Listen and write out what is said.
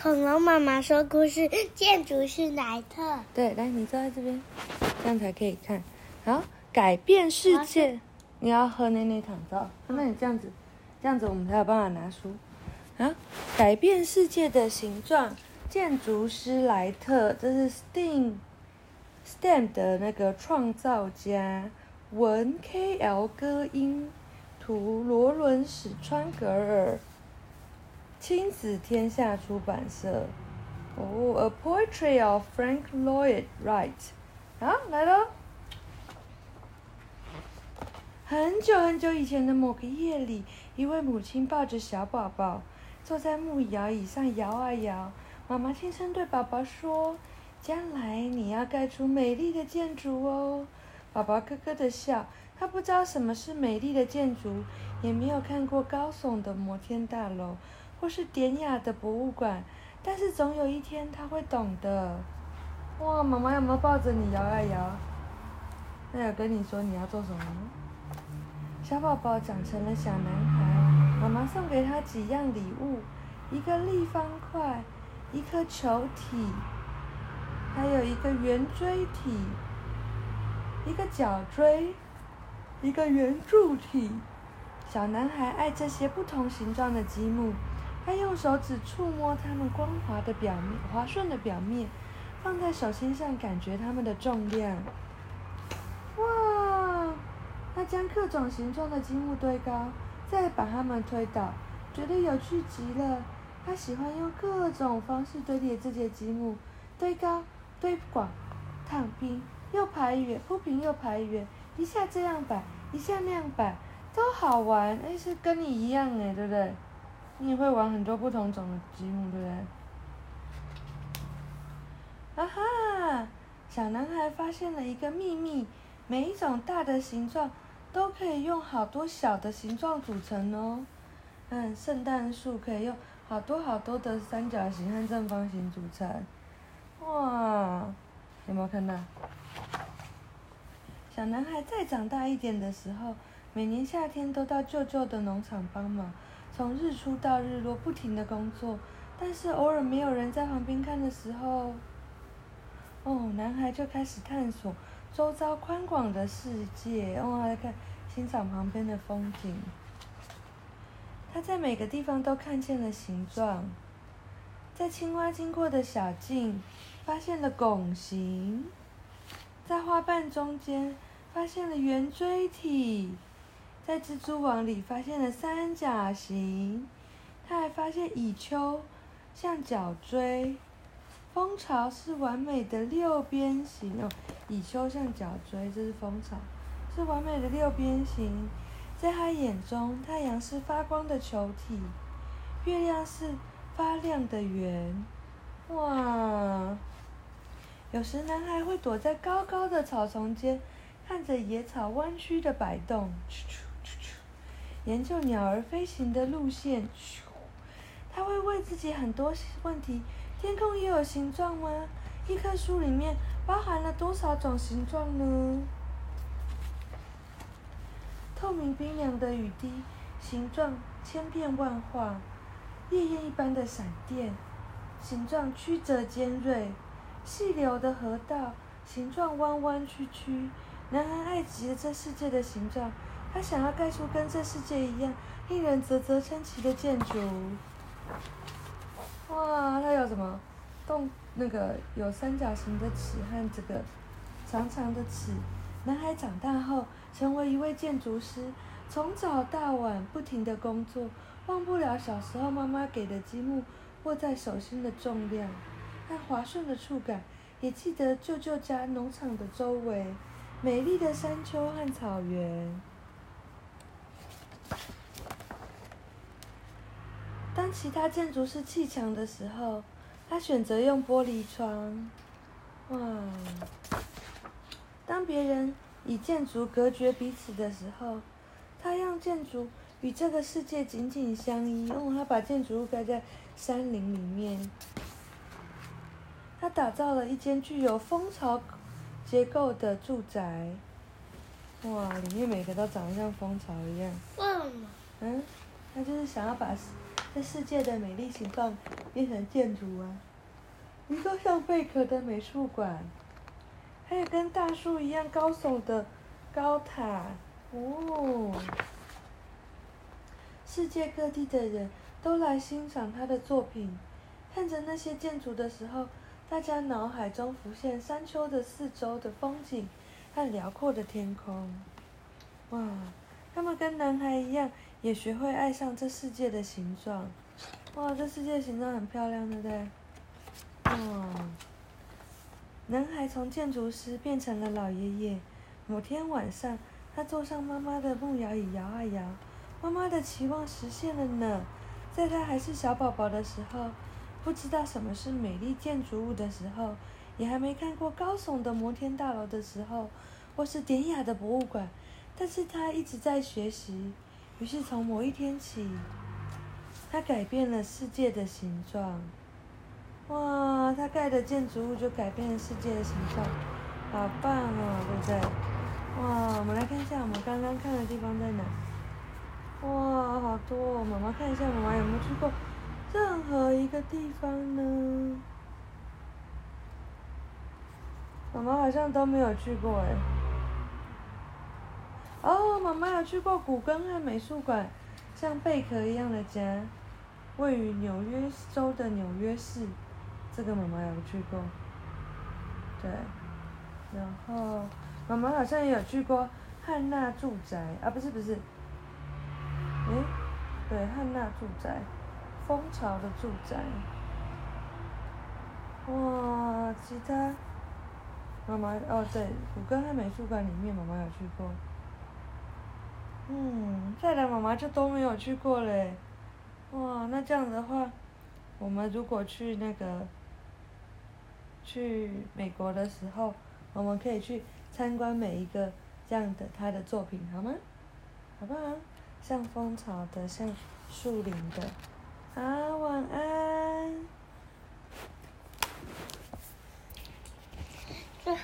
恐龍媽媽說故事，建築師萊特。對，來，你坐在這邊，這樣才可以看。好，改變世界。你要和奶奶躺着，那你這樣子，這樣子我們才有辦法拿書。啊，改變世界的形狀，建築師萊特，這是 Sting，Sting 的那個創造家，文 K L 戈因，圖羅倫史川格爾。親子天下出版社。哦、oh，A portrait of Frank Lloyd Wright。啊，來了。很久很久以前的某個夜裡，一位母親抱着小寶寶，坐在木搖椅上搖啊搖。媽媽輕聲對寶寶說：“將來你要蓋出美麗的建築哦。”寶寶咯咯的笑。他不知道什麼是美麗的建築，也沒有看過高聳的摩天大樓。或是典雅的博物館，但是總有一天他會懂的。哇，媽媽有沒有抱着你搖啊搖？那有跟你說你要做什麼？小寶寶長成了小男孩，媽媽送給他幾樣禮物：一個立方塊，一顆球體，還有一個圓錐體，一個角錐，一個圓柱體。小男孩愛這些不同形狀的積木。他用手指觸摸它們光滑的表面，滑順的表面，放在手心上感覺它們的重量。哇！他將各種形狀的積木堆高，再把它們推倒，覺得有趣極了。他喜歡用各種方式堆疊自己的積木，堆高、堆廣、躺平、又排遠，鋪平又排遠，一下這樣擺，一下那樣擺，都好玩。誒、哎、是跟你一樣誒、欸，對不對？你會玩很多不同種的積木，對不對？啊哈！小男孩發現了一個秘密：每一種大的形狀都可以用好多小的形狀組成哦。嗯，聖誕樹可以用好多好多的三角形和正方形組成。哇，有沒有看到？小男孩再長大一點的時候，每年夏天都到舅舅的農場幫忙。從日出到日落，不停地工作，但是偶爾沒有人在旁邊看的時候，哦，男孩就開始探索周遭寬廣的世界。哦，來看，欣賞旁邊的風景。他在每個地方都看見了形狀，在青蛙經過的小徑發現了拱形，在花瓣中間發現了圓錐體。在蜘蛛網裡發現了三角形，他還發現蟻丘像角錐，蜂巢是完美的六邊形哦。蟻丘像角錐，這是蜂巢，是完美的六邊形。在他眼中，太陽是發光的球體，月亮是發亮的圓。哇！有時男孩會躲在高高的草叢間，看着野草彎曲的擺動。研究鳥兒飛行的路線，它會問自己很多問題：天空也有形狀嗎？一棵樹裡面包含了多少種形狀呢？透明冰涼的雨滴，形狀千變萬化；烈焰一般的閃電，形狀曲折尖銳；細流的河道，形狀彎彎曲曲。男孩愛極了這世界的形狀。他想要蓋出跟這世界一樣令人嘖嘖稱奇的建築。哇，他有什麼？洞？那個有三角形的尺和這個長長的尺。男孩長大後成為一位建築師，從早到晚不停的工作。忘不了小時候媽媽給的積木，握在手心的重量和滑順的觸感，也記得舅舅家農場的周圍美麗的山丘和草原。當其他建築師砌牆的時候，他選擇用玻璃窗。哇！當別人以建築隔絕彼此的時候，他讓建築與這個世界緊緊相依。因、嗯、為他把建築物蓋在山林裡面，他打造了一間具有蜂巢結構的住宅。哇！裡面每個都長得像蜂巢一樣。嗯，他就是想要把世界的美麗形狀變成建築啊！一個像貝殼的美術館，還有跟大樹一樣高聳的高塔。哦，世界各地的人都來欣賞他的作品。看着那些建築的時候，大家腦海中浮現山丘的四周的風景和遼闊的天空。哇，他們跟男孩一樣。也學會愛上這世界的形狀，哇，這世界形狀很漂亮，對不對？哦，男孩從建築師變成了老爺爺。某天晚上，他坐上媽媽的木搖椅，搖啊搖，媽媽的期望實現了呢。在他還是小寶寶的時候，不知道什麼是美麗建築物的時候，也還沒看過高聳的摩天大樓的時候，或是典雅的博物館，但是他一直在學習。於是從某一天起，它改變了世界的形狀。哇，它蓋的建築物就改變了世界的形狀，好棒啊，對不對？哇，我們來看一下我們剛剛看的地方在哪？哇，好多哦！媽媽看一下，我們還有沒有去過任何一個地方呢？我們好像都沒有去過哎。哦，媽媽有去過古根漢美術館，像貝殼一樣的家，位於紐約州的紐約市，這個媽媽有去過。對，然後媽媽好像也有去過漢娜住宅，啊不是不是，誒對漢娜住宅，蜂巢的住宅。哇，其他，媽媽哦對，古根漢美術館裡面媽媽有去過。嗯，再來，媽媽就都沒有去過了，哇，那這樣的話，我們如果去那個，去美國的時候，我們可以去參觀每一個這樣的他的作品，好嗎？好不好？像蜂巢的，像樹林的，好，晚安。最後。